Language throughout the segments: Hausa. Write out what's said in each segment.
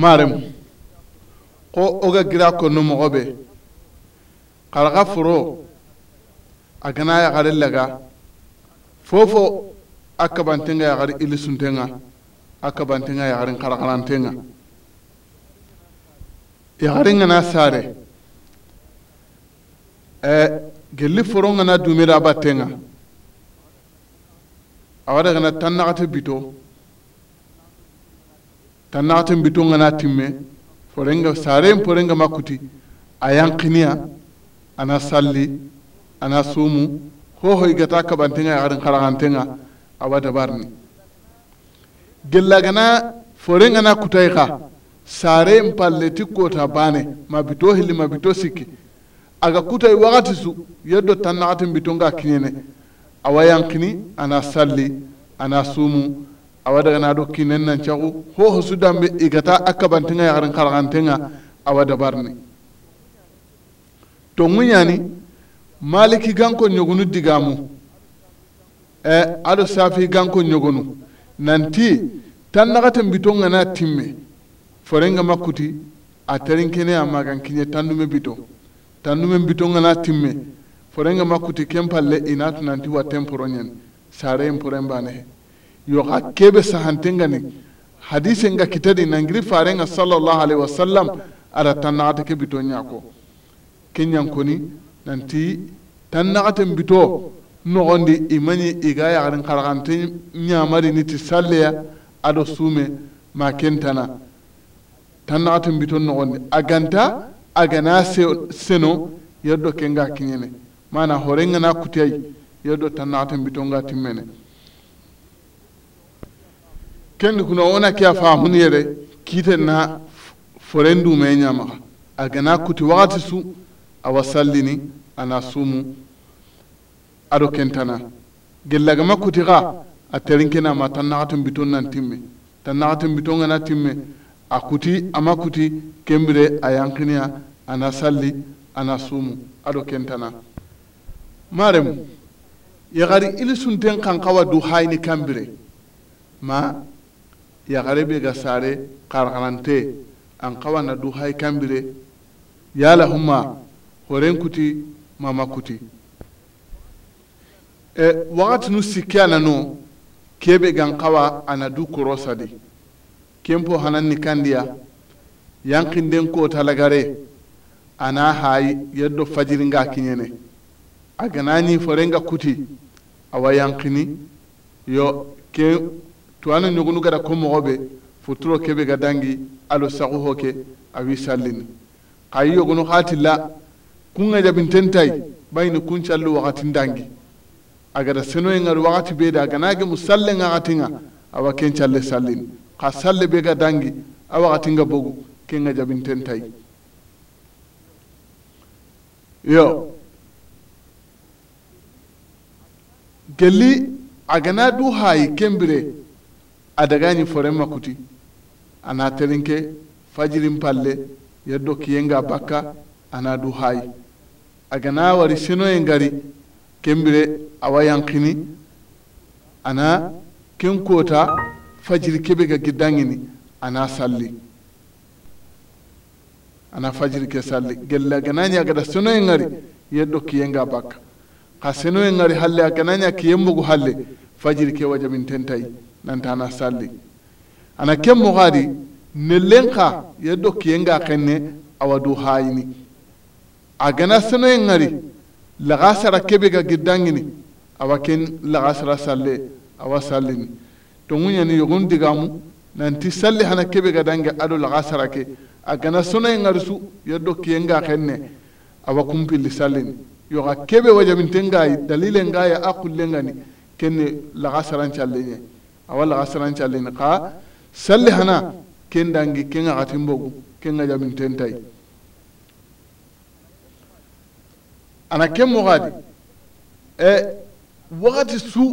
maremu ko oga gira konno mogo be xaraxa foro a gana yaxare laga fofo a kabantenga yaxari ilisuntenga a kabantenga yaxarin xaraxarantenga yaxarin gana sare eh, gelli foro gana dumeda battenga awada gana tan naxate bito tannaton bito ngana timme forenga saren forenga makkuti a yankiniya ana salli ana sumu hohoy gata kaɓantenga yakarin harahantenga awa dabarni gellagana forenga na kutay ka sare n palleti kota bane ma bito hilli ma bito sikki aga kutay wakati su yeddo tan nakatin bitonga kinene awa yankini ana salli ana sumu awa dagana do kinen nan cagu ho su dambe igata a kabantenga yagarin a wada barni to ŋuɲani maliki ganko nyogunu digamu e ado safi ganko ɲogunu nanti tan nagaten bito ŋana timme forenga makuti a tarin kene a magan tan tandume bito tandumen bito ngana timme forenga makuti ken palle inatu nanti watten poroɲen saren poren banehe yoxa kebe sahantenga sahantengani hadise nga kitadi nangiri farenga sallallahu alaihi wasallam ada tannaxate ke bito ñako ke ñankoni nanti tannaxaten bito noxondi imañi iga yaxarin xaraxante ñamari niti salleya ado sume ma kentana tannaxaten bito noxondi a ganta a gana seno yeddo ke nga kiñene mana horengana kutiyay yeddo tannaxaten bito nga timmene kendi kuna wona ke a faamuni yere kiiten na foren dume ñamaxa a gana kuti waxati su awa sallini ana sumu ado kentana gellagama kuti xa a ma tan naxatin biton nan timme tan naxatin biton gana timme a kuti ama kuti kembire a yankinia ana salli ana sumu ado kentana maremu yaxari ili sunten kankawa du hayini kambire ma yagarebe ga sare karxanante an na du hay kambire yalahumma horen kuti mama kuti e wakati nu sikke anano kebe gan xawa ana du koro kempo hanan ni kandiya yankinden talagare ana hayi yeddo fajiringa kiñene a forenga kuti awa yankini yo ke to anu ɲugunu gada ko mɔgɔ be futuro kebe ga dangi alo sagu ho ke awi sallini kayi yogunu hatilla kunga jabintentai kun kuncallu wakatin dangi agada senoye ngari wakati beda aganage mu salle ngakatinga awa kencalle sallini ka salle be ga dangi a wakatinga bogu kenga jabintentai yo gelli agana du hayi kembire adagañi forema kuti ana terinke fajirin palle yeddo kiyenga bakka ana du hayi agana wari senoye ngari kembire awa yankini ana ken kota fajiri kebe ga giddangini ana salli ana fajiri ke salli gelle aganañi agada senoye ngari yeddo kiyenga bakka ka senoye ngari halle aganaña kiyembugu halle fajiri ke wajamin tayi nantana salli ana ken mogadi nellen xa ye do kiyenga xenne awadu du hayini a gana senoyen ŋari laxa sara kebe ga giddangini awa ken laxa sara salle awa sallini tongu ɲani yogun digamu nanti salli hana kebe ga dange ado laxa sara ke a gana sonoyen ŋari su ye do kiyenga xenne awa kunpilli sallini yoxa kebe wajaminten gayi dalilen gaya a kullen gani kenne laxa sarancalle ɲe awalla asaranci allini xa salli hana ken dangi ken axatin bogu ken ga ten tay ana ken moxadi e waxati su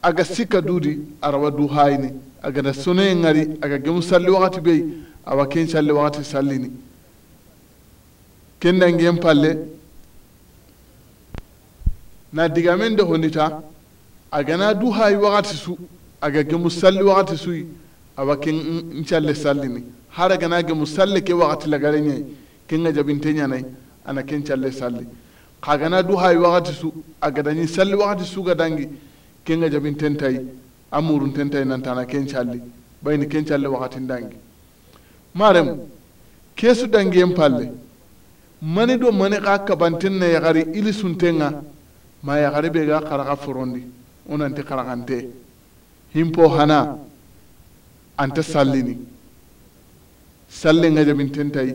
a aga sikka duudi araba du hayini agada sonoye ŋari aga gemu salli waxati bei awa ken salli waxati sallini ken dangiyen palle na digamen de honita agana du hayi waxati su a ga gemu salli wakati suyi a awa ken ncalle salli ni hara gana gemu salli ke wakati lagare ñayi ken ga jabinte ñanayi ana ken calle salli xa gana du hayi wakati su a gadañi salli wakati su ga dangi ken ga jabinten tayi a murunten tayi nantana ken calli bayni ken calle wakati dangi marem kesu dangiyen palle mani do mani xa kabanten na yaxari ili sunten ga ma yaxari bai ga xaraxa forondi wo nanti xaraxante himpo hana anta sallini salle ngajamintentayi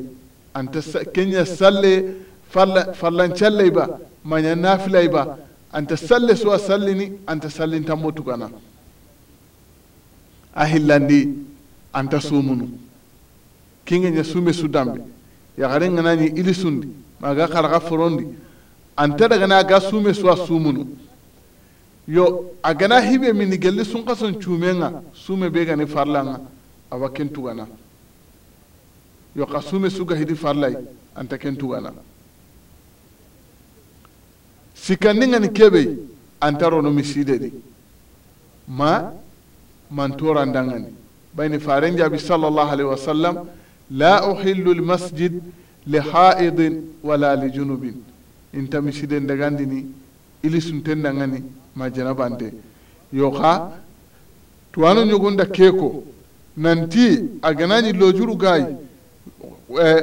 anta kenya salle farlancalley ba maña nafilay ba anta salle suwa sallini anta sallintanmo tugana a hillandi anta sumunu kinge ña sume sudambe yakaren ganani ilisundi maga xaraxa forondi anta dagana ga sume suwa sumunu yo a gana hibe mini gelli sun kasan cumenga sume be gani farlanga awa kentugana yo ka sume suga hidi farlay anta kentugana sikandingani kebe anta rono misidedi ma mantorandangani bayni faren jaabi sallallahu alaihi wasallam la uhillu lmasjid lihaidin wala lijunubin inta misiden dagandini ili sunten dangani ma janabante yo xa tuwano ñogunda keko nanti a ganañi lojuru gaay eh,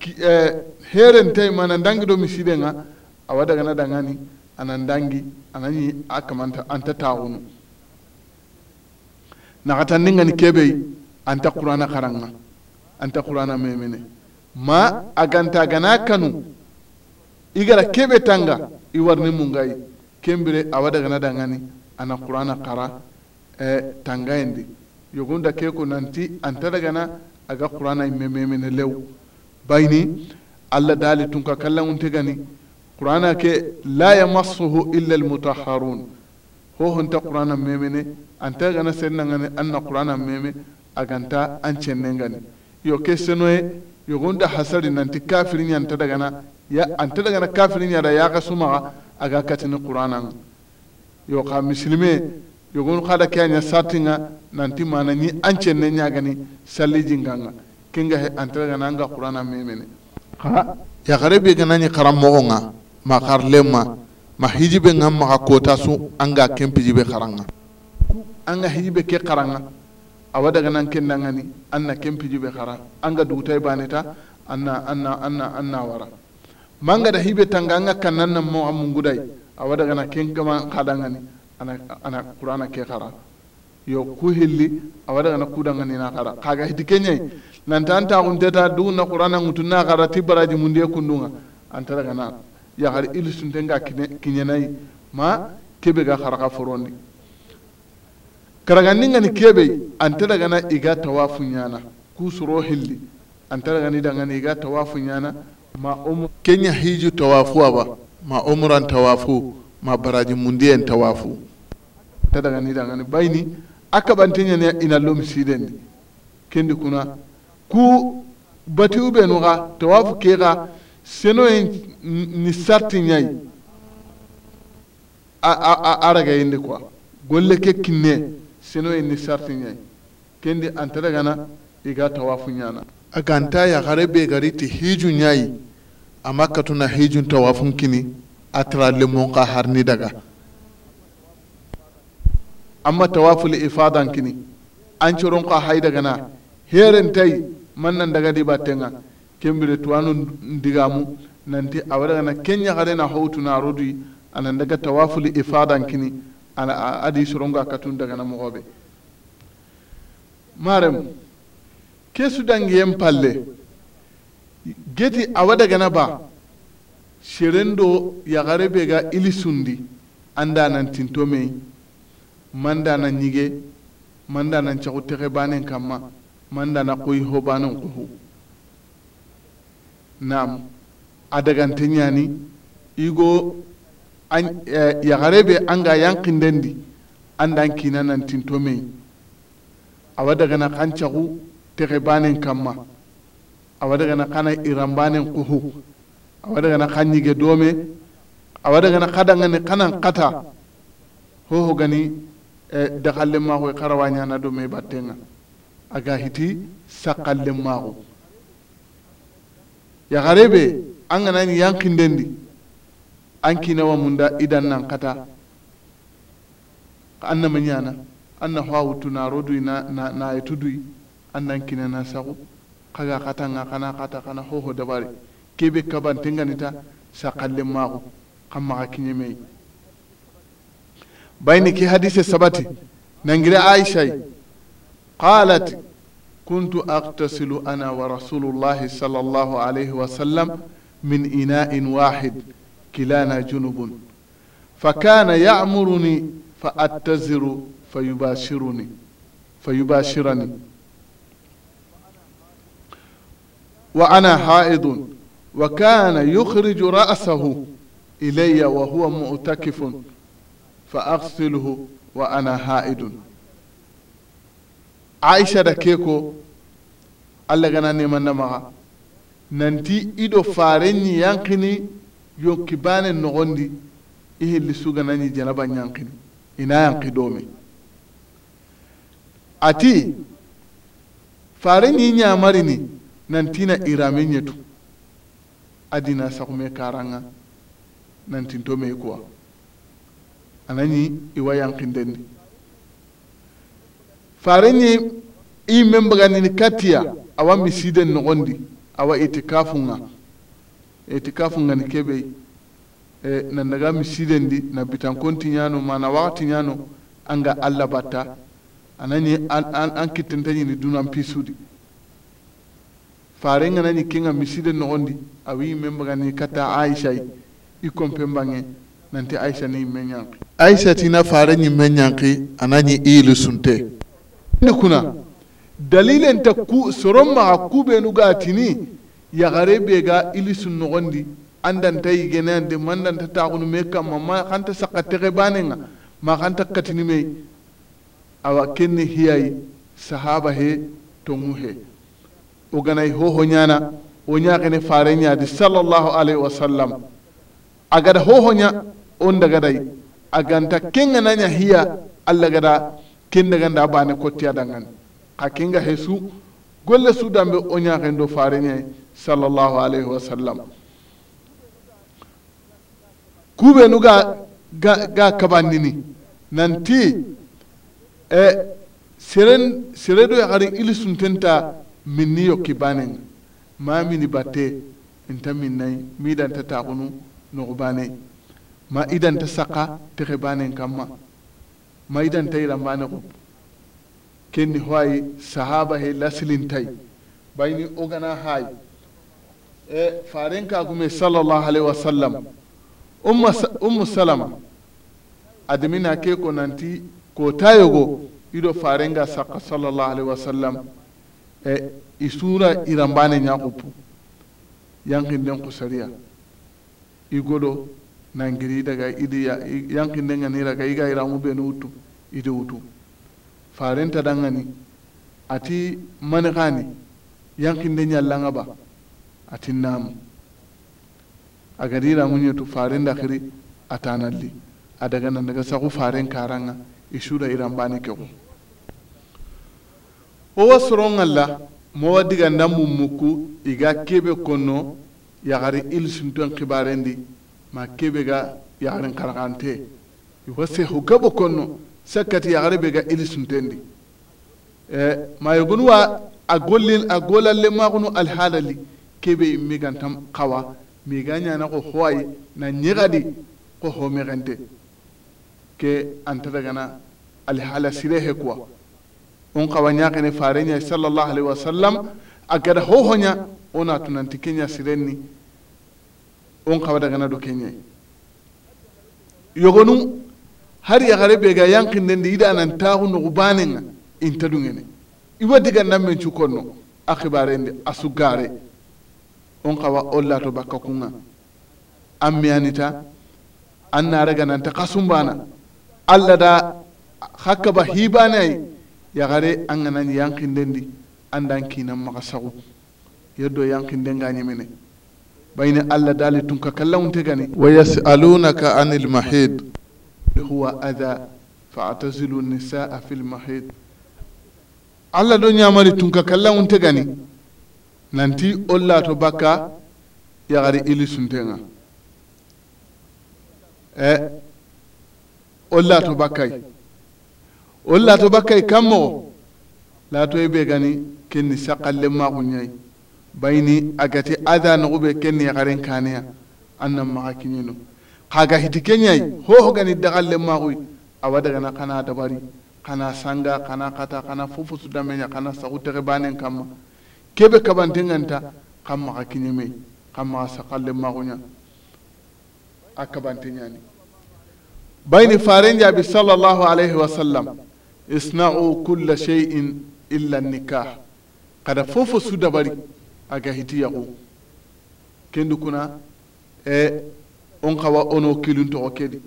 eh, heren tay mana dangi do misidenga awa dagana dangani anan dangi anañi a kamanta anta taxunu naxatandingani kebey anta qurana xaranga anta qurana memene ma aganta gana kanu igara kebe tanga i warni mungayi kembire awa na dangani ana qur'ana qara e tangayindi yogunda ke ko nanti anta dagana aga qur'ana mememene lew bayni allah dali tun ka kallangunte gani qur'ana ke la yamassuhu illa almutahharun hohonta qur'ana memene anta gana sennangani anna qur'ana meme aganta an gani, yo ke senoye yogonda hasari nanti kafiri daga na ya anta kafirin kafiri ya ka suma. aga katini qur'ana yo ka muslime yogon kada kanya satinga nanti mana ni anche ne nyagani salli jinganga kinga he antara nanga qur'ana memene ka ya garebe ganani karam mogonga ma karlema ma hijibe ngam ma kota su ga kempi jibe karanga anga hijibe ke karanga awa daga nan ken an na kempi jibe kara ga dutai e baneta an na an na wara manga da hibe tanga anga kanan nan mo a awada gana ken kama kadangani ana ana qur'ana ke khara yo ku hilli awada gana dangani na khara kaga hidikenye nan tan ta kun teta du na qur'ana mutuna khara tibaraji munde kundunga antara gana ya har ilisun kine nay ma kebe ga khara forondi karaganni ngani kebe antara gana iga tawafu nyana kusuro hilli antara gani dangani iga tawafunyana. ma um- kenya hiju tawafu aba ma umran tawafu ma baraji mundiyen tawafu ta daga ni daga ni bayni akabantenya ne ina lom siden kendi kuna ku batu be ga tawafu ke ga seno ni sarti nyai a, a, a, a ragayindi kwa golle ke kinne seno ye ni sarti nyai kendi antara gana i tawafu nyana aganta yagare bai gari ta hijun yayi amma katuna hijun tawafun kini a tara lemon ka ni daga amma tawaful ifadan kini an ci ka hai daga na heren tai mannan daga di batenga kembire tuwanu nan nanti a daga na kenya gare na hautu na rodi nan daga tawaful ifadan kini a adi soron ka katun daga na mogobe marem ke sudangiyen palle geti awa na ba shirin do ya be ga ili sundi da nan tinto mei manda na ñige manda na cagu banin kama man da na koyi ho banin kuhu naam a dagante ñani igo an, eh, yagare be anga yankindendi andan kina nan tinto mei awa na kan cagu banen kamma wada gana kana banen kuhu awa dagana dome a wada gana kada gani kanan kata hoho gani eh, dakallenmaxoy e na dome battenga aga hiti sakkallenmaxu yaxarebe an gana ni ganani yankindendi an kinawa munda idan nan kata an na mañana an na xowawutu na rodu na, na, na yetuduyi annan kinana sagu kaga katanga kana kata kana hoho dabari kebe kaban tinganita sakalle magu kamma ka kinyeme bayni ki hadise sabati nangira aisha qalat kuntu aqtasilu ana wa rasulullahi sallallahu alayhi wa sallam min ina'in wahid kilana junubun فكان يأمرني فأتزر فيباشرني فيباشرني وأنا حائض وكان يخرج رأسه إلي وهو معتكف فأغسله وأنا حائض عائشة دكيكو الله غنا نيمان نما ننتي إدو فارني ينقني يوكبان النغندي إيه اللي سوغناني جنبا ينقني إنا ينقي دومي أتي فارني نيامرني nantina irame ñetu adina saxume karanga nantinto me kuwa anañi iwa yankindendi farenñi i membaganini kattiya awa misiden noxondi awa itikafunga itikafunga ni kebe e, na daga di na bitankon tiñano mana waxati ñano anga allah batta anani an, kitin ta yi ni dunan pisudi farenga nani kenga miside ondi awi ni kata aisha i mbange nanti aisha ni menyanki aisha tina fare ni menyanki anani ilu sunte ni kuna dalilen ta ku soron ma kube nu ga tini ya gare be ga ilu sun ondi andan ta yi gene ande mandan ta ta kunu me kam ma kanta sakate ga banenga ma kanta katini me awa kenne hiyai sahaba he tongu he o ganay hoho ñana o ñaakene faare ñaadi sallallahu alayhi wa sallam a gada hohoña on a ganta kenga naña hiya allah gada ken daganda bane kottiya dangan xa kenga hesu golle sudanɓe o ñaaken do fareñayi sallallahu alayhi wa sallam kuɓe nu ga ga, ga kabandini nanti e eh, seren sere do ili suntenta min ni yokki bane ma mini batte inta min dan ta taqunu no bane ma ta saqa texe banen kamma ma idanta yirambane xup kenni hoyi sahaba he lasilintay bayni gana hay e faren kagume sallallahu alaihi wasallam ummu salama adamina ke ko nanti ko tayogo ido farenga saqa sallallahu alaihi wasallam e isura irambane ñakupu yankinden ku sariya i godo nangiri daga idi yankinden gani raga i ga irangu beni wutu idi wutu farenta dangani ati mani kani yankinde ñallanga ba ati namu agadi irangu ñetu faren dakiri atanalli a daga nan daga saku faren karanga isura irambane ku. wo soronŋa la mowa diga mun muku i ga kebe ya yagari il sinton kibarendi ma kebe ga yagarin karagante iwa sehu gabo kono sakkati yagari be ga il sintendi eh, ma yogonuwa a gollin a golalle magunu alhalali kebe imme gantam kawa mi ga ñana ko howayi na ñigadi ko homexente ke anta dagana alhala sirehe kuwa on kawanya kene farenya sallallahu alaihi wasallam agada hohonya ona tunanti kenya sirenni on kawada gana do kenya yogonu har ya be ga yankin di ida nan tahu no banenga inta dungene iwa diga namen cukonno akibarende asugare on kawa olla to bakka an ammiyanita an naraga nanta kasumbana allah da hakka ba hibanayi yagare an gana ni yankinden di an dan kinan maka sagu yadda yankinden mene nyimine bayni allah dali tun ka kallawun ta gani wa ka anil mahid huwa adha fa'tazilu nisaa fil mahid allah do nyamari tun ka kallawun ta gani nanti olla to baka yagare ili suntenga nga eh, olla to bakkai wol laato bakkay kam mogo laatoyi be gani kenni sakkallenmaxu ñayi bayini a gati ada noxu be kenni yaxaren kaneya an nan maxa kiñeno xaga hiti ke ñayi hoho gani daxallenmaxuyi awa dagana xana dabari xana sanga xana xata xana fofosu dameña xana saxu texe banen kanma kebe kabantenganta xan maxa kiñemei xan maxa sakkallenmaxuña a kabante ñani bayini faren jaabi sallallahu alayhi wa sallam isna'u kulla shay'in illa nikah kada fofo su dabari aga hitiyaku kendu kuna e on kawa ono kiluntoxo kedi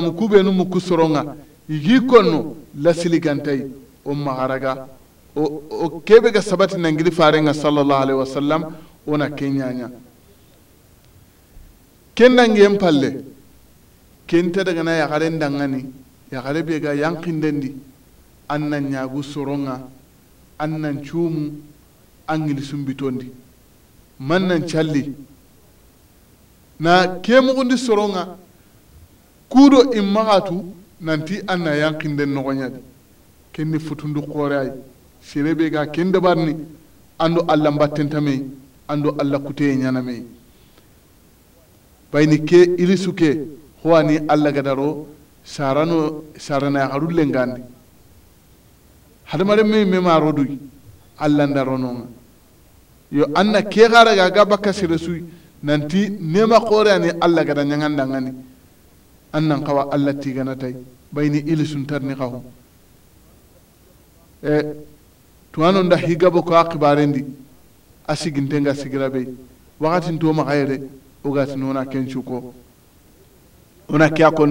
mu kube nu mu kusoronga yi konno gantay o maxaraga o, o kebe ga sabati na fare nga sallallahu alaihi wasallam ona kenyaña kenna ngem palle ken na ya garen dangani yagare be ga yankindendi an nan ñaagu soronga an nan cuumu an ngini sumbitondi man nan calli na kemugundi soronga kuudo in maxatu nanti an na yankinden noxoñadi ken ni futundu xoore ay serebe ga ken ni ando allah mbattentamey ando allah kuteye ñanamey bayni ke irisu ke howani allah gadaro sarano sarana harulle ngandi hadamare me me maro duy allah ndarononga yo anna ke gara ga gaba sere su nanti nema xoore ani allah gada dan an nan xawa allah tigana tay bayni ili tarni qahu e eh, tuwano nda higabo ko a xibarendi a sigintenga sigira ɓey to ma de ogatin wona kenchuko ko kya ke a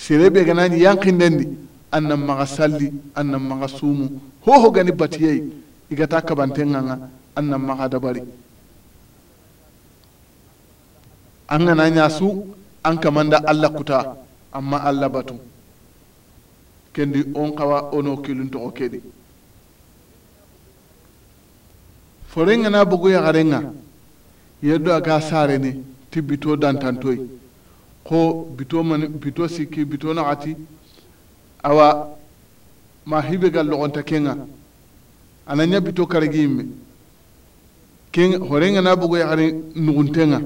serebe ganani yankindendi annan maga salli annan maga sumu hoho gani batiyei ta kabanten ganga annan maga dabari an gana ñasu an da allah kuta amma allah batu kendi on kawa ono kilun forenga na bugu ya garenga yeddo aga ne tibito dantantoi. ko bito man bito sikki bito naxati awa ma hibe gal loxonta kenga ananya bito karagi yimme horenga na bugo yaxari nuxuntenga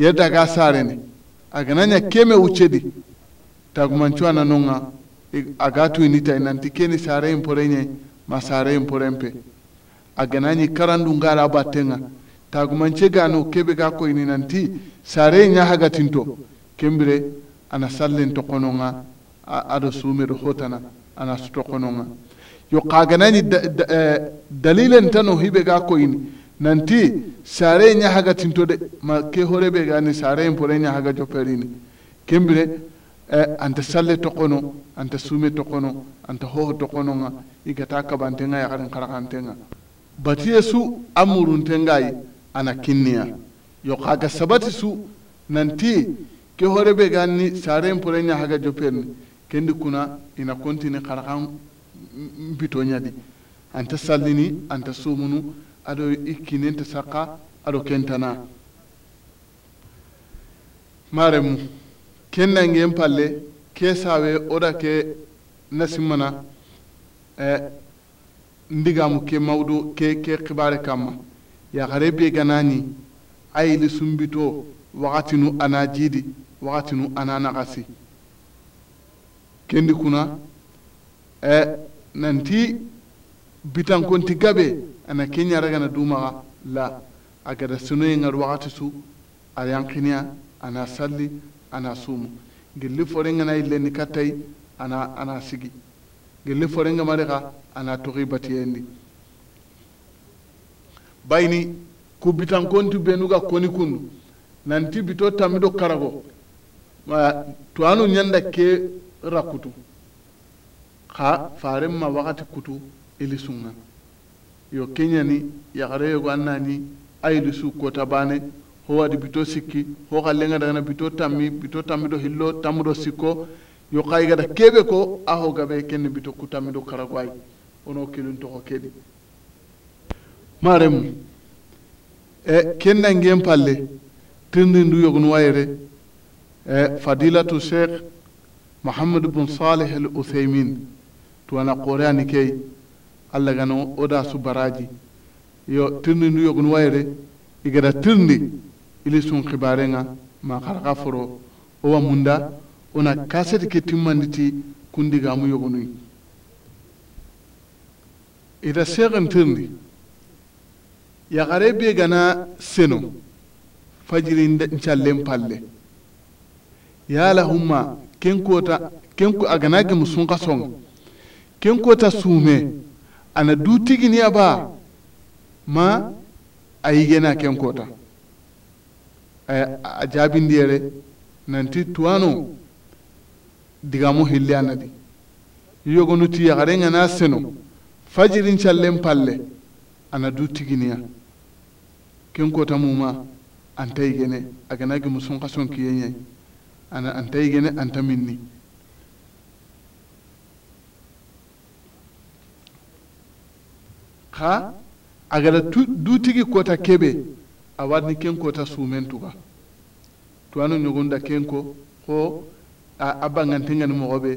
ye daga sarene agananya keme uccedi tagumancu a nanonga e, aga tuyinita nanti keni sare in pore ñayi ma sare a ganani karandu ngara battenga tagumance gano kebe ga koyni nanti sare ña hagatinto kembire ana sallen hotana ana tokononga yo kaganañi eh, dalilen tano hiɓe ga koyni nanti sare ña hagatinto de ma ke horeɓe gani saren pore ña haga jopperini kembire eh, anta salle tokono anta sume tokono anta hoho tokononga igata kabantenga yakaren karakantenga batiye su amuruntengayi ana kinniya yo kaga sabati su nanti ke hore be ganni saren nya haga jopen kendi kuna ina kontini bito nya di anta sallini anta sumunu aɗo ta saqa ado kentana maremu kenna ngem palle ke sawe oda ke nasimana eh, ndigamu ke mawdu ke ke kibare kamma yaxare be ganani a yili sunbito waxatinu ana jiidi waxatinu ana naxasi kendi kuna e nanti bitankonti gabe ana keñaragana dumaxa la a gada sinoyengar waxati su a yankinia ana salli ana sumu gilli forengana yillenni kattayi ana ana sigi gilli forengamarexa ana toxi batiyendi bayini ku bitankonti benu ga koni kundu nanti bito tamido karago ma tuwanu ñanda ke rakutu ha xa ma wakati kutu ili sunga yo keñani yaxare yego an nani a ili su kota bane ho wadi bito sikki ho xa lenga dagana bito tammi bito tammido hillo tammudo sikko yo xa yigada kebe ko a ho gabe kenni bito ku tammido karago ay ono kilun toxo kedi marem e kenna ngen palle tirndi ndu yogon wayre e fadilatu salih al uthaymin tuwana qoreani key allah gano oda subaraji yo tirndi ndu wayre igada ili sun ma xarxa munda ona ke timmanditi ida yagare be gana seno fajiri ncallen palle yalahumma ken kota ken a gana gemu sunka songa ken kota sume ana du tiginiya ba ma a yigena ken kenkota a jaabindi yere nanti tuwano digamu hilli anadi yogonuti yagare gana seno fajirin callen palle ana du tiginiya ken kota muma anta yigene agana gemu sonka sonkiye ñayi ana anta yigene anta minni ha a agada dutigi kota kebe a awadni ken kota sumen tuga tuwano da ken ko ko a, a bangantingani mogoɓe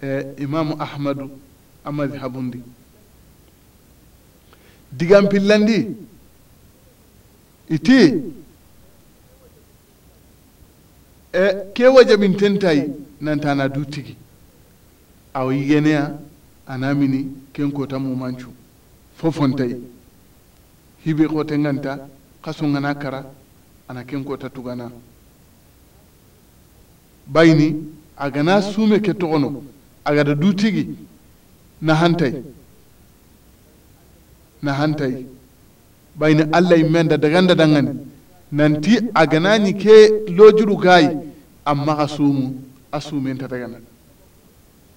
eh, imamu ahmadu a madhabundi digampillandi iti e ke waje min tentay nan tana dutigi aw yeneya anamini ken kota mumancu fofontai hibe te nganta kaso ngana kara ana ken kota tugana bayni agana sume ke togono agada dutigi na hantai na hantai bayni allah nan ti a nanti ni ke lojuru gayi amma a mu a sumenta dagana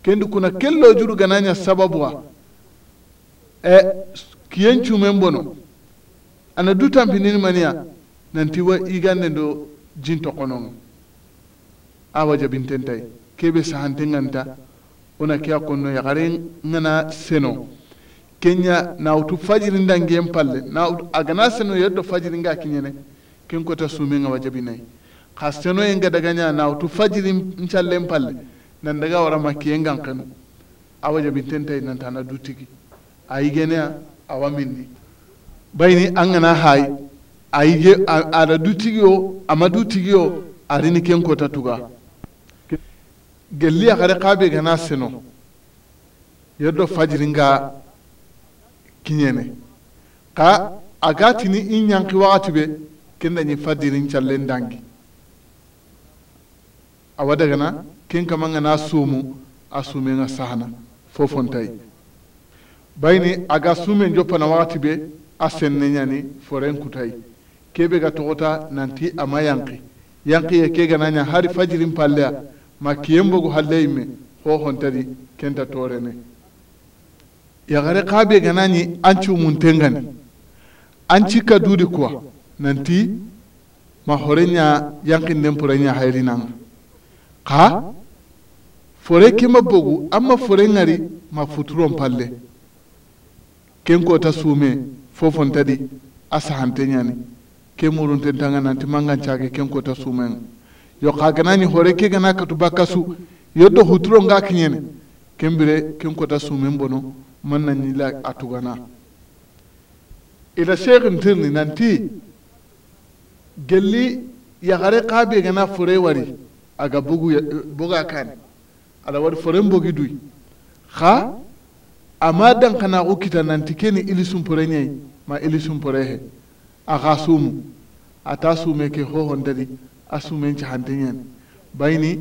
kendi kuna ke lojuru gananya sababuwa e kiyen cumen bono ana du nini maniya nanti wa igande do ta kono a wajabintentai kebe sahantenganta ona ke a konno yagare ngana seno kenya nawtu fajiri ndangiyen palle nawtu agana seno yeddo fajiri nga kiñene ken kota suminga wajabinayi xa seno ye nga dagaña nawtu fajiri ncallen palle nan daga wara makkiyen gan kenu a wajabintentayi nantana dutigi a yigeneya awa minni bayni an gana hayi a yige ada dutigi o ama dutigi o arini ken kota tuga gelli a xare xa be gana seno yeddo fajiri nga kinyene ka a ni tini i wakati be ken ni fadiri callen ndangi awa dagana ken na ngana sumu a sumenga sahana fofontai bayini a ga njopa na wakati be a senne ñani foren kutayi kebe ga togota nanti ama yanki yanki ye ke nanya hari fajirin palleya ma kiyen bogu halle yimme kenta torene yagare kabe gani an ci ka kadudi kuwa nanti ma horenya yankinden purenya hayrinanga ka fore kima bogu amma fure ngari ma futuron palle ken ta sume fofon fofontadi a sahanteñani ke muruntentanga nanti mangancake ken ta sume yo ka gana ni hore ke gana katu bakkasu yoddo huturon ga kiñene kembire ken kota sumen bono man na nila tugana ila sheikh tirni nanti gelli gare qabe gana fure wari aga bugu buga kan ala wari fure mbogi dui ha ama dan kana ukita kita nanti keni ilisun pure nyai ma ilisun pure he aga sumu ata sume ke ho hondari asumen ci hantenyan bayni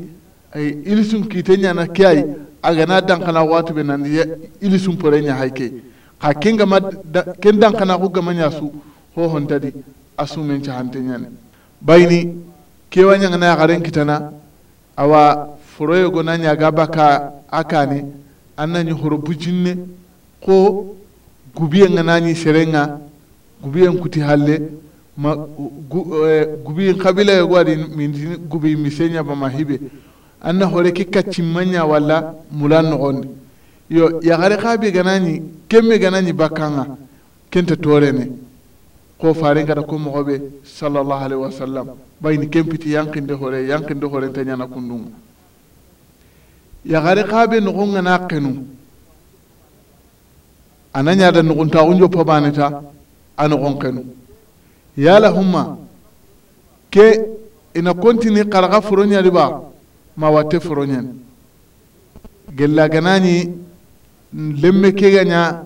ay sum kite nyana kiyai a gana dankana watu be nandi ili sumpore ɲa hay ke xa ken gama ken dankana xu gama ɲa su hohontadi a sumen cahante ɲane bayini kewa ɲagana yaxaren kitana awa foroye gona ɲaga baka a kane an nañi horo bujinne ko gubiyen ga nañi serenga ga gubiyen kuti halle ma gu, eh, gubiyen kabila ye go min gubi misenya ba hibe anna hore ke kaccimmaña walla mulan noxondi yo yaxare xa be ganañi kemme ganani bakkanga kenta torene ko faren gata ko moxoɓe salallahu alaihi wa sallam bayni kempiti yankinde hore yankinde horenta ñana kundunga yaxare xa be noxonga na qenu ana ñada nuxuntaxu joppabaneta a noxon qenu ya lahumma ke ina continue xaraxa riba. ma watte gella ganani lemme kega ña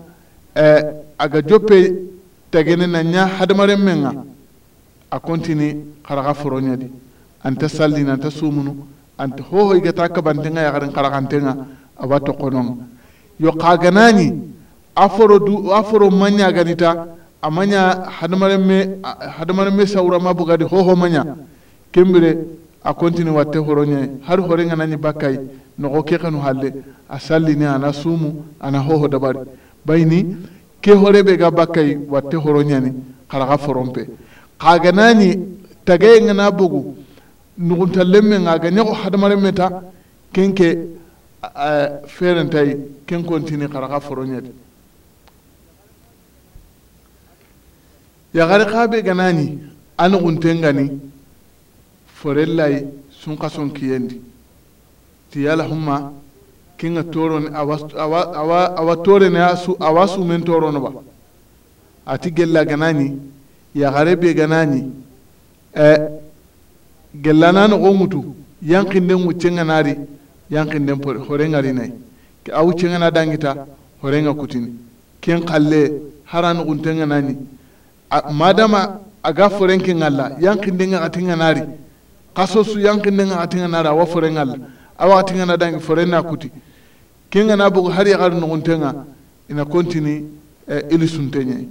eh, aga joppe tagene na ña hadamaren men ga a kontini xaraxa foroñadi anta sallina anta sumunu anta hoho igata kabantenga yaxarin xaraxantenga awa toqononga yo xa ganani a foro du a foro maña ganita a maña hadamaren me hadamaren me sawurama bugadi hoho maña kembire a kontini watte horoñayi har horenganañi bakkayi noxo ke xanu halle a sallini ana sumu ana hoho dabari bayni ke horebe ga bakkayi watte horoñani xaraxa foronpe xaganañi tagayengana bogu nuxuntallen men aga ga ñaxo hadamarenme ta kenke ferentayi ken kontini xaraxa foroñadi yaxari xa be ganani a nuxuntengani forellay sun son kiyendi ti yala humma kinga torone awa, awa, awa torene su awa toro torono ba ati gella ganani ya garebe ganani eh, gellanano go ŋutu yankinden ŋuccenga nari yankinden horenga rinai ke a wuccenga na dangita horenga kutini ken kalle haran guntenga nani madama aga forenke ŋalla yankinden ŋa katinga nari kasosu yankinnenga atinga nara awa forengalla na dangi forenna kuti kenga na bogo har ya yaxar noxuntenga ina continue eh, ilisunte ñayi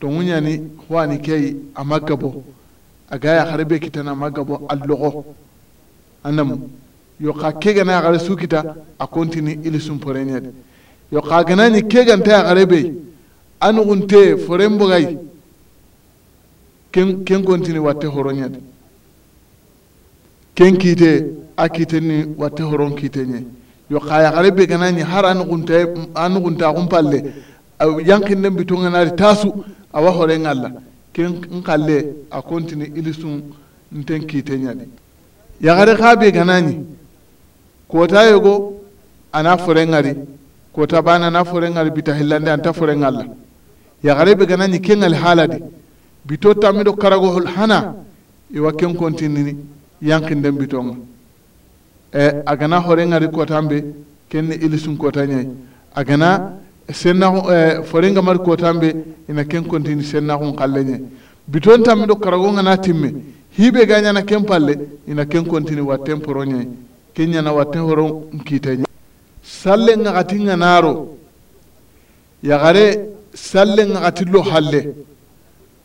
to munya ni huani ama gabo aga ya be kitana magabo gabo anam yo ka kega na kegana su kita a kontini continue ilisum forenñadi yo gana ni kega yaxare be a nuxunte foren bogayi ken, ken kontini wate horonya ken kite a ni watte horon kitenye yo kayakare be ganani har anuguntaxun palle yankinden bitongenari tasu awa horen alla ken nkalle a kontini ilisun nten kitenyadi yagare xa be ganani kota yogo ana forengari kota bana ana forengari bita hillande anta forengalla yagare be ganani kengali haladi bito tamido karago hana iwa ken kontinini yankinden bitonga e a gana horengari kotanɓe kenni ilisun kotañayi a gana sennahu e, forengamari kotanɓe ina ken kontini sennahun kalleñayi biton tammi do karagonga na timme hibe ganya na ken palle ina ken kontini watten poroñayi ken ñana watten horon kiiteña salle nganaro ya gare salle ŋakatillo halle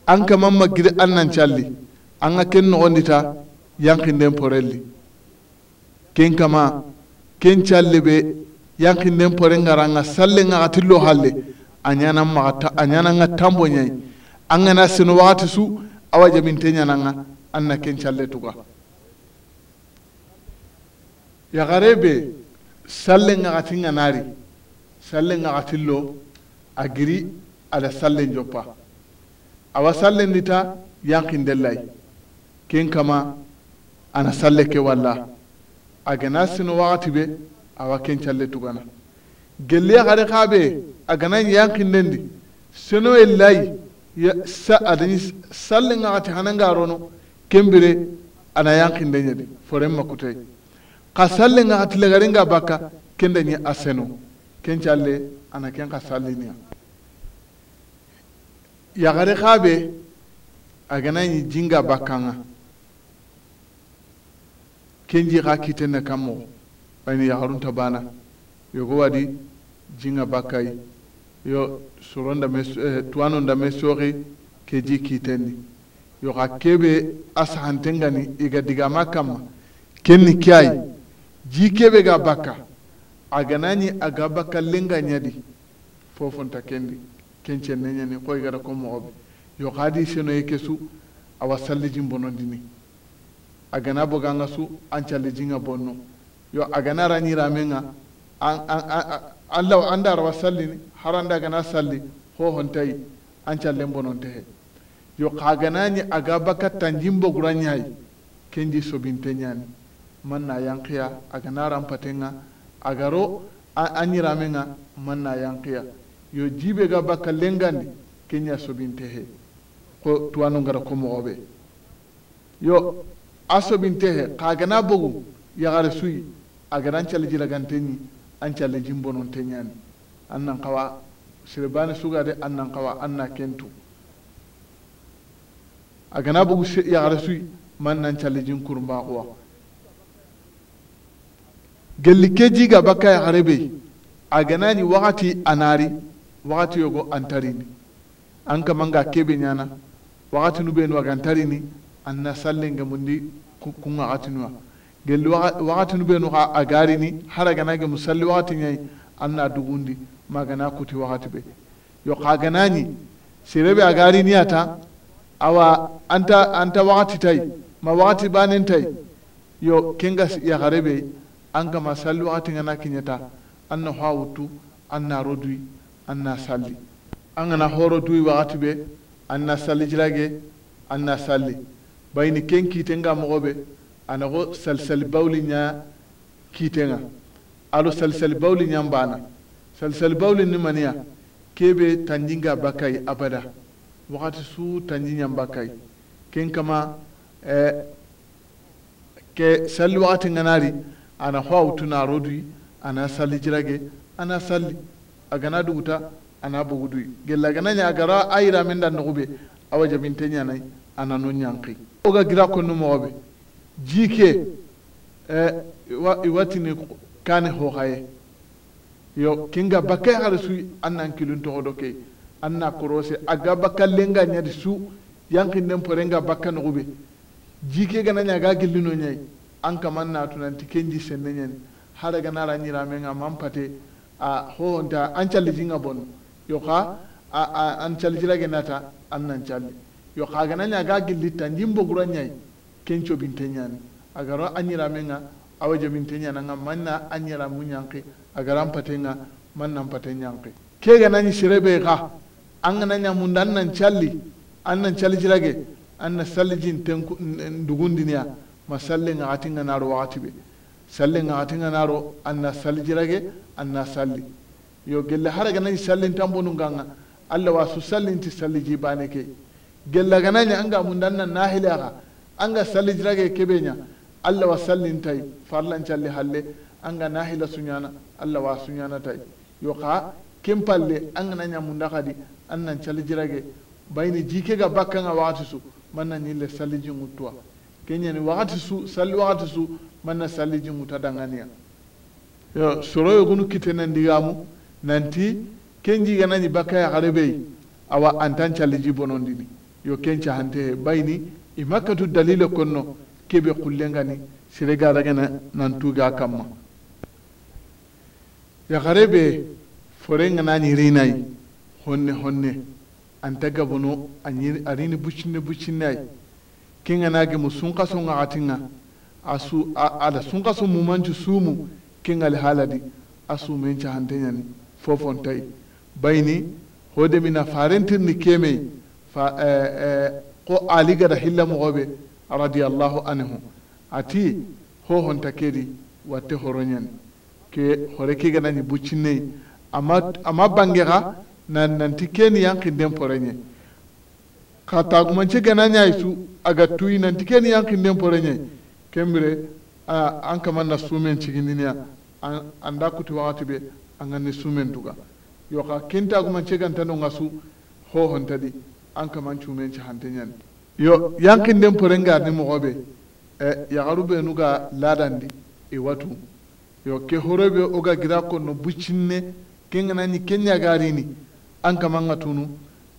an kaman ma giri an nan calli an ga ken nogondita yankinden porelli ken kama ken calle be yankinden pore nga salle ngaxatillo halle a ñanan maxata a tambo ñayi an gana sino waxati su awa jaminte ñananga an na ken calle tuga yaxare be salle ngaxati nganari salle nga a giri da salle joppa awa sallendita yankinden layi ken kama ana salle ke walla gana sinu wakati be awa ken calle tugana gelliya kare kabe agana yankindendi seno e layi adañi salle ngakati hanangarono kembire ana yankindeñadi foren makkutey ka salle nga baka bakka kendañi a seno ken calle ana ken ka salliniya yagare kabe yi jinga bakanga. kenji xa kitenna kan moxo ayni yaxarunta bana yogo wadi jinga bakkayi yo sorondame eh, tuwanondame sooxi ke ji kitendi yo kebe a saxantengani iga diga digama kenni ji kebe ga lenga fofonta kendi ko yo a gana boga nga su an ji nga bonno yo a gana rani rame nga an law an da rawa salli ni har an da gana salli ho hontai an callen bononte he yo ka gana ni aga baka tanjin bogura nyai kenji sobinte nyani man na yankiya a gana rampate nga a garo an yi rame nga man na yankiya yo jibe ga baka lengandi kenya sobinte he ko tuwanu ngara ko mogobe yo asobintehe xa gana bogu ya suyi a gana ncalaji laganteñi an calajin bononte ñani an nan xawa sirebane suga an nan xawa an na kentu a gana bogu ya suyi man nan calajin kurumbaxuwa ji ke jiga ya yagare be a ganañi waxati a naari waxati yogo antarini an ga kebe ñana waxati nu benu ni. anna sallenga mundi kun wakatinua gelli wakatinu benu xa a garini hara gana gemu salli wakati na anna dugundi magana kuti wakati be yo xa ganañi bai a ata awa anta anta waati tai ma wakati banin tai yo kenga bai an gama salli wakati ngana kinyata an na xa wuttu an na rodui an na salli an gana horo duwi waati be an na salli jirage an na salli bayini ken ana mogoɓe anago salsali bawli ña kitenga alo salisali bawli ñan bana salisali bawli ni maniya kebe tanjinga bakay abada wakati su tanji ñan bakkayi ken kama eh, ke salli wakati ganari ana howawtuna roduyi ana salli jirage ana salli agana duguta ana buguduyi gella gananya agara ayira min dan noguɓe awa jabinte ñanayi a nanu ɲanki o ga gira konnu mogo be jike eh, iwatini kane hoxaye yo kinga su an nan kilun toxo do ke an na korose a ga su porenga bakka gana ga gillino an kaman natunanti kenji senne hara gana ra man pate a an yo xa an an nan calli yo xagananya ga gillita ndimbogura ñayi ken cobinte ñani agara a menga awa jobinte ñananga manna a ñiramu ñanki agaran patenga mannan pate ñanki ke nani sirebe ga an nya mun an nan calli an nan calli jirage an na salli jin ten dugundiniya ma salli ŋaxati ŋa naro waati be salli ŋaxati ŋa naro an na salli jirage an na salli yo gelle hara nani sallintan bonu nganga allah wa su ti salli jibane ke gellaganaña anga nahila ga anga salli jirage nya allah wa farlan farlancalli halle anga nahila sunyana allah wa suñanatay yo xa ken palle mun da xadi an nan calli jirage bayni jike ga a waxati su man nan yille salli kenya ni waxati su salli waxati su man nan salli jinguta danganiya yo yo gunu kitena ndigamu nanti kenji ken jiganañi bakka yaxareɓeyi awa antan calli jibonondini yo kenca hante bayni i makkatu dalile konno kebe kullengani siregaragana nantuga kamma yakare be forenganani rinayi honne honne anta gabono arini buccinne buccinnayi kenganagemu sunkasonga atinga asu ala sunkaso mumancu sumu kengali haladi asumen cahanteyani fofontayi bayni hodemina farentirni kemey fa eh, eh, ko ali gada hilla mogoɓe radiyallahu anhu ati hohonta kedi watte horoñani ke hore ke ganañi buccinneyi ama, ama bange xa na, nanti keni yankinden poreñe xa tagumance ganañayi su aga tuyi nanti keni yankinden poreñeyi kembire uh, an kama na sumen cigindiniya an da kuti waxati be an ganni sumen yoka yo xa kentagumance gantano nga su tadi. an kaman cumen cahanteñani yo yankinden mɔgɔ bɛ eh, ɛ yagaru ɓe nuga di e watu yo ke o oga gira ni buccinne kenganani ni an kama ka tunu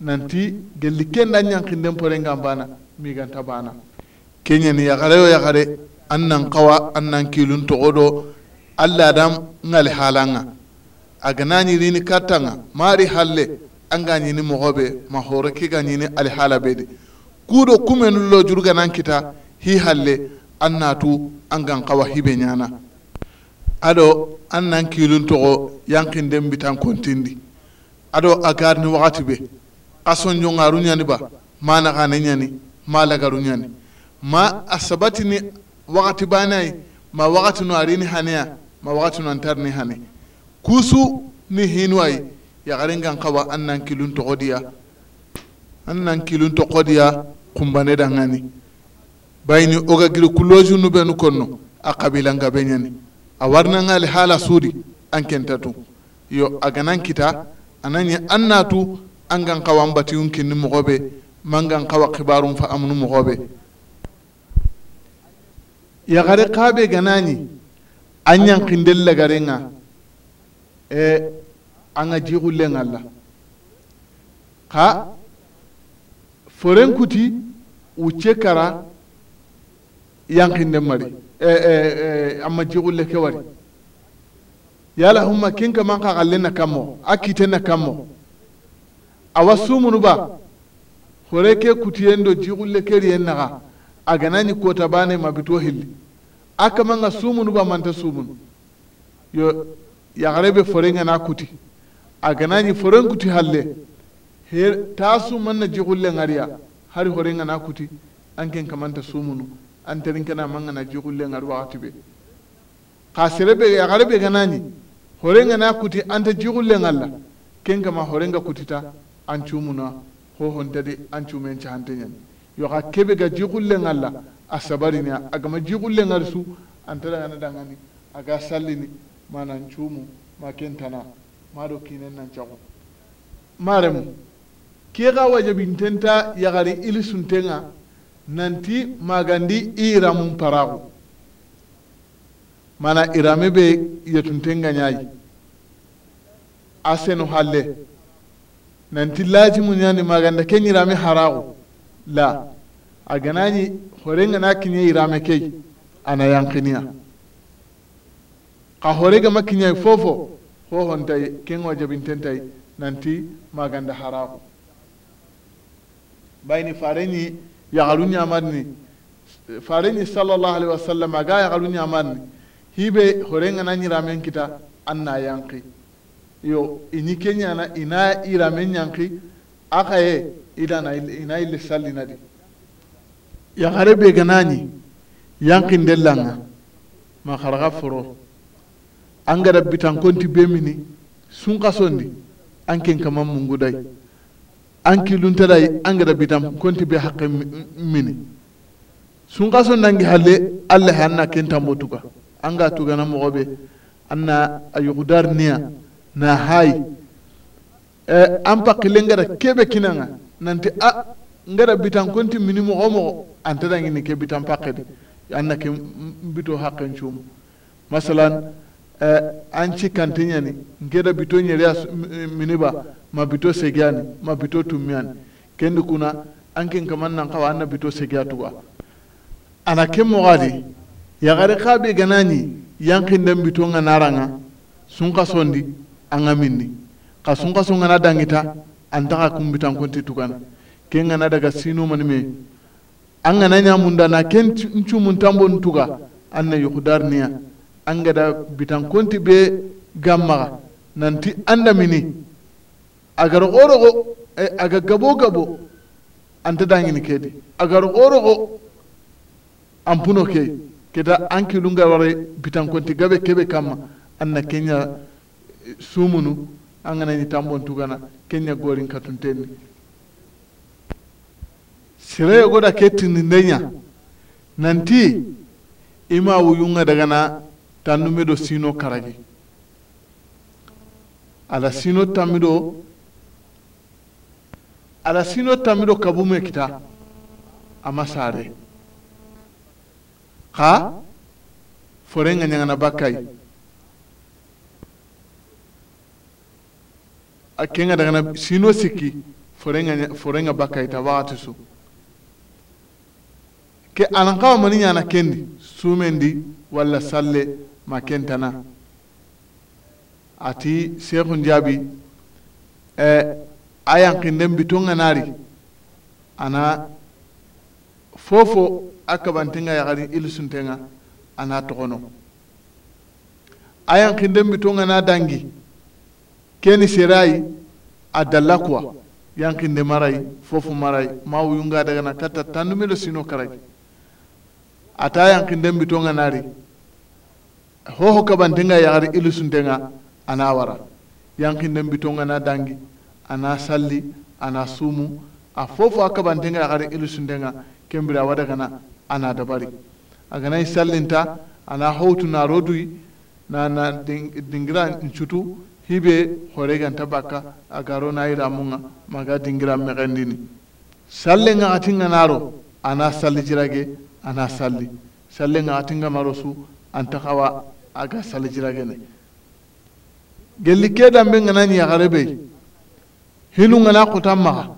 nanti gelli kenda ñankinden porengan bana miganta bana ni yagare o yagare an nan kawa an nan kilun togo ɗo allah dan ngali halanga aganañirini kattanga mari halle an ga ɲini mɔgɔ be mahoro ki ga ɲini alihala be di kudo kumenu lo juru ganan kita hi halle an natu an gan kawa hibe ɲana ado an nan kilun togo yankinden bitan kontindi ado a garini wakati be a sonjongaru ɲani ba ma naxane ɲani ma lagaru ɲani ma a sabatini wakati banayi ma wakati no arini haneya ma wakati no antarini hane kusu ni hinuwayi yagarengan kawa an nan kilun togodiya an nan kilun togodiya kumbane dangani bayni oga giri kuloju nu benu konno a kabilanga be ñani a warnangali hala suri an kentatu yo a ganan kita anani an natu an gan kawa an batiyun kinni mogoɓe man gan kawa kibarun fa amunu mogoɓe yagare kaɓe ganani an ñankindel garenga e, an ga jixullen allah ha foren kuti wuce kara yankinden mari eh, eh, eh, amma jixulle ke wari yala humma kin ka man xalle na kammo a kite na kammo awa sumunu ba hore ke kutiyen do jixulle keriyen naka a ganani kota bane mabito hilli a kamanga sumunu ba manta sumunu yo yaxare be forenga na kuti aganañi furen kuti halle he ta sumanna jixullen ariya hari ngana kuti an anken kamanta sumunu anterin kena mangana jixullen ari waxati be xa serebe yaxare be ganañi ngana kuti an ji kullen alla ken kama kuti ta an cumuna ho de an cumen cahante ñani yoxa kebe ga kullen alla a sabarini agama jixullen ari su antadagana dangani aga sallini manan cumu ma kentana maɗo kinen nan cago maremu ke xa wajabintenta yaxari ili suntenga nanti magandi i iramun paraxu mana irame be yetuntenga ñayi a senu halle nanti lajimu ñani maganda ken irame haraxu la a ganañi horenga na kiñe irame key ana yankiniya xa horegama kiñayi fofo hohontay kengo jabintentay nanti maganda haraku bayni fareni yagaru ñamarni fareni sallallahu alaihi wasallam aga yagaru ñamarni hibe horengana ñiramen kita anna yanki yo ini keñana ina iramen ñanki akaye idana ina ille di yagare be ganani yankin dellanga ma haraga foro an gada bitan konti be mini sun kasondi an ken kaman mungudai an kiluntaɗai an gada bitan konti be hakke mini sun kasondangi halle allah he anna ken tambo tuga an ga tugana mogoɓe anna a yugudar niya na hayi eh, an pakkile ngara keɓe kinanga nanti a ngara bitan konti mini mogo mogo antaɗangini ke bitan pakkedi anna ke bito hakken cuumu masalan Eh, an ci kantiñani da bito ñeriya eh, miniba ma bito ani ma bito tummiyani kendi kuna an kin kaman nan kawa anna bito ya tuga ana ken moxadi yagari xabe ganani yankinden bito nga naranga sun ka sondi an ga minni ka sun ka sun gana dangita an kun taxa kunbitan konti tugana ken gana daga sinumani me an na gana ñamunda na ken ncumun tambon tuga an na niya. angada konti be gammaxa nanti andamini agar orogo eh, aga gabo gabo anta dangin kedi agar orogo ampuno ke keda ankilunga bitan konti gabe kebe an anna kenya e, sumunu ni tambon tugana kenya gorin katunteni sire goda kettini ndenya nanti ima wuyunga dagana tannume do sino karaji ala sino tammido ala sino tammido kabume kita ama sare ha forenga ñagana bakkay a kenga dagana sino nga forenga, forenga bakkay ta wakati su ke anan mani nyana kendi sumendi wala salle ma kentana ati sekhun jaabi eh, a yankinden bitun ga naari ana fofo a kabantin ga yakari ilisunten ga ana togono a yankinden bitun ga na dangi keni serai a dalla kuwa yankinde marayi fofo marai ma wuyunga dagana katta tandumilo sino karayi ata yankinden bitun ga naari hoho kabantenga yagari ilusuntenga ana wara yankinden bitonga na dangi ana salli ana sumu a fofo a kabantenga yagari ilusuntenga kembira wada gana ana dabari a ganai sallinta ana hotu na rodui na dingira ncutu hibe hore horeganta bakka a garo nayiramunga maga dingira mexendini salle ŋaxatinga naro ana salli jirage ana salli salle nga maro su anta xawa aga salijiragene gelli gelike dambe ngana ñagare ɓey hinu ngana kutan maxa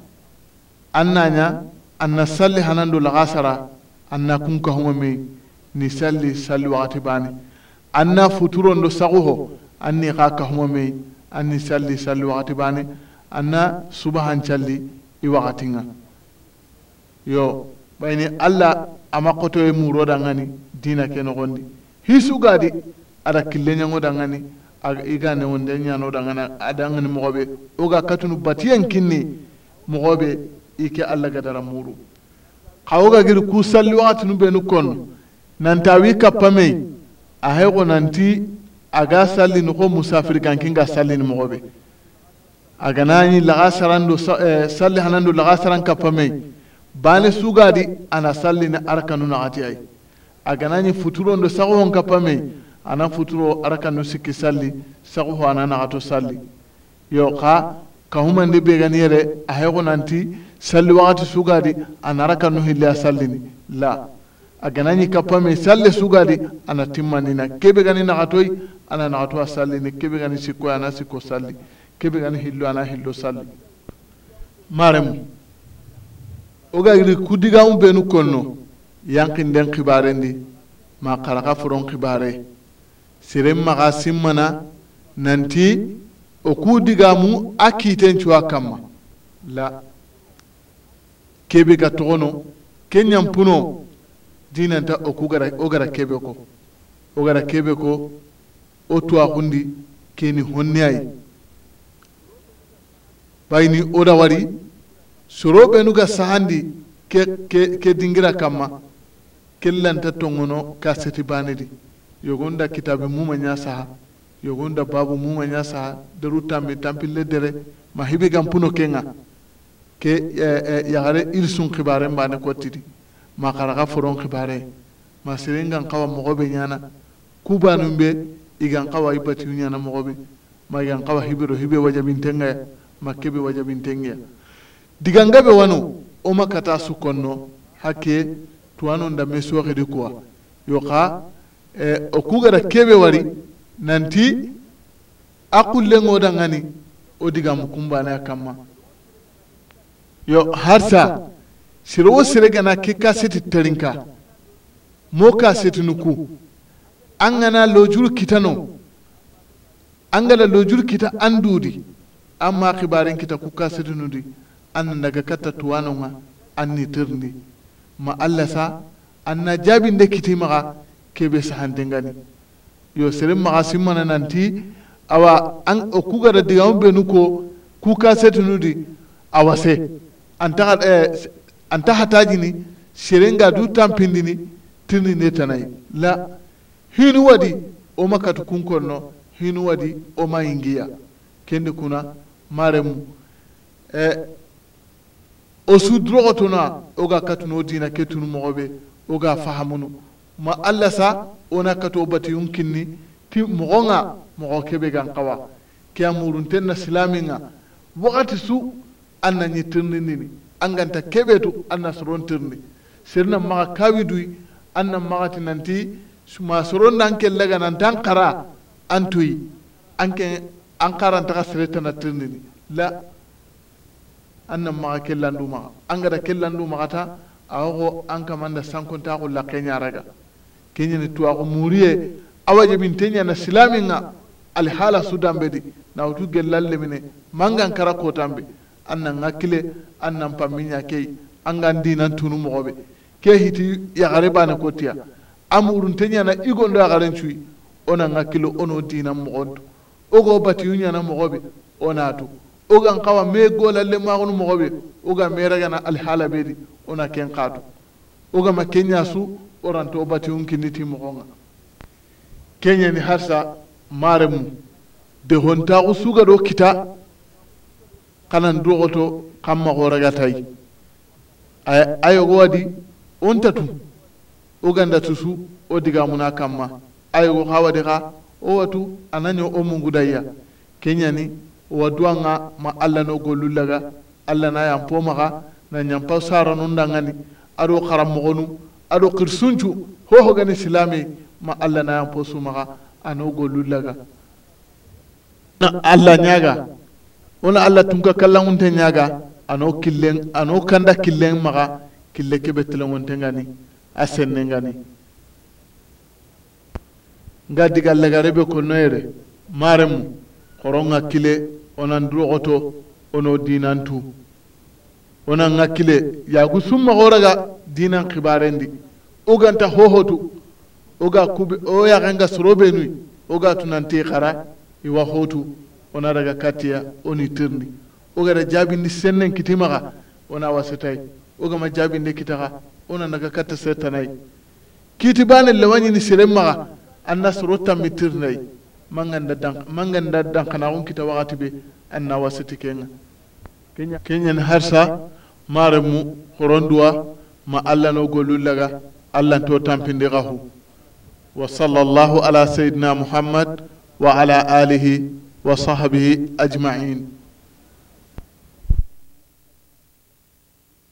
an anna an na salli hanando laxa sara an na ni sali sali wakati bani, an na ndo saguho an ni huma kahumame an sali sali salli waxati anna subahan calli i waxatinga yo ɓayni allah ama qotoye ngani dina ke hisu gadi. ada kille ñango dangani i ga ne wonde ñano dangana adangani moxoɓe oga katunu batiyan kinni moxoɓe i ke allah gadara muru xa woga giri ku salli waxatinu benu konno nanta wi kappa mey a hexo nanti aga sallini xo musafir salli sallini moxoɓe a ganañi laga sarando eh, salli hanando laga saran kappa mey bane sugadi ana na arkanu naxati ay a ganañi futuro ndo kappa mey ana futuro arakanu sikki salli sagu ho ana naxato salli yo xa kahumandi begani yere ahegonanti salli wakati sugadi ana arakanu hilli a sallini la a ganañi kappame salle sugadi ana timmandina kebe gani naxatoyi ana naxato a salli sallini kebe gani sikkoy ana sikko salli kebe gani hillo ana hillo salli o maremu oga giri kudigamu benu konno yankinden xibarendi ma xaraka foron xibare siren maxa simmana nanti o ku digamu a kiten cuwa kama la kebe ka togono ke ɲanpuno dinanta o ku gara o gara kebe ko o gara kebe ko o tuwaxundi keni honneyayi ni o da wari soro benu ga sahandi ke, ke, ke dingira kama ke lanta tongono ka seti di. yogunda kitabe muma nya saha yogunda babu muma nya saha deru tambi tampille dere ma hibe gam kenga ke eh, eh, yagare il sun khibare mbane kotidi ma karaga foron khibare ma serengan kawa mogobe nyana kubanumbe igan kawa ibatiyu nyana mogobe ma igan kawa hibero hibe wajabintenga ma kebe wajabintenga digangabe wano o makata su konno hakke tuwano nda mesuwaxidi kuwa yo xa E, o kugara keɓe wari nanti a qullengodan gani o digamu kumbanaya kamma yo harta sere wo sere gana ke ka seti terinka mo ka setinu ku an gana lojuru kitano an gana lojuru kita an dudi an ma kibarin kita ku ka setinu di an daga katta tuwanon an ni tirni ma allah sa an na jabin da kiti maga kebe sahante ngani yo sere maxa simmana nanti awa an o kuga gada digamu mbe nuko kuka ka setunu awa se anta eh, anta ni sherenga du tampindini tirni ne tanayi la hinu wadi o makatu kunkonno hinu wadi o ma ingiya kende kuna maremu eh, o su drogoto na o ga katunu o dina ketunu mogobe o ga fahamunu ma alla sa ona kato bati yunkinni ti mogonga mogo kebe gan kawa ke amurun murunten na silami wakati su an na ɲitirninini an ganta kebetu an na sorontirni serna maga kawi duyi an na magati nanti ma soron nan kellaga nanti an kara an anke an ke an karantaga seretana tirnini la an na maga kellandu maga an gada ta magata awogo an kamanda ko la raga tuwa ko muriye awa jamin te ñana silamin ga alihala sudanbedi nawutu gellal lemine mangan kara kotanbe an nan ga kile an nan pammiña keyi an gan dinan tunu moxoɓe ke hiti yaxare bane kotiya amurunte ñana i gondo yaxaren cuyi wo nan ga kile ono dinan moxontu wo go batiyu ñana moxoɓe wo natu wo gan xawa me golalle maxunu moxoɓe wo ga meragana alihala bedi ona na ken xatu oga gama kenña su oranto batiun kiniti mogonga harsa maremu de honta suga do kita xanan doxoto xan maxoragatayi a yogo wadi ontatu o ganda tusu o digamuna kamma a yogo xa wadi xa o watu a naño o mungudayya kenyani wa ma alla no gollu laga allah na yanpo maxa na ñanpa saranundangani ado xaranmoxonu aɗo kirsuncu hohogani silami ma allah n'a nayan po ano anogo lullaga na allah ñaga wona allah tunka kallangunte ñaga ano killen ano kanda killen maxa kille keɓe telengonte ngani a senne ngani nga diga lagarebe konnoyere maremu xoronga kile onan duroxoto ono dinantu onan ga kile yagu summaxoraga dinan kibarendi oganta hohotu oga kube oya ganga sorobe nuy oga tunanti xara iwa hotu ona daga katia oni tirni jabi ni sennen kitimaga ona ma ogama ni kitaga ona naga katta settanayi kiti bane lewañini seren maxa anna mitirnai manganda dan manganda dan kana on kita wakati be anna wasiti kenya keñani harsa maremu xoronduwa ما الله نقول لك الله تو تنبني وصلى الله على سيدنا محمد وعلى آله وصحبه أجمعين